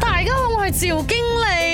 大家好，我係趙經理。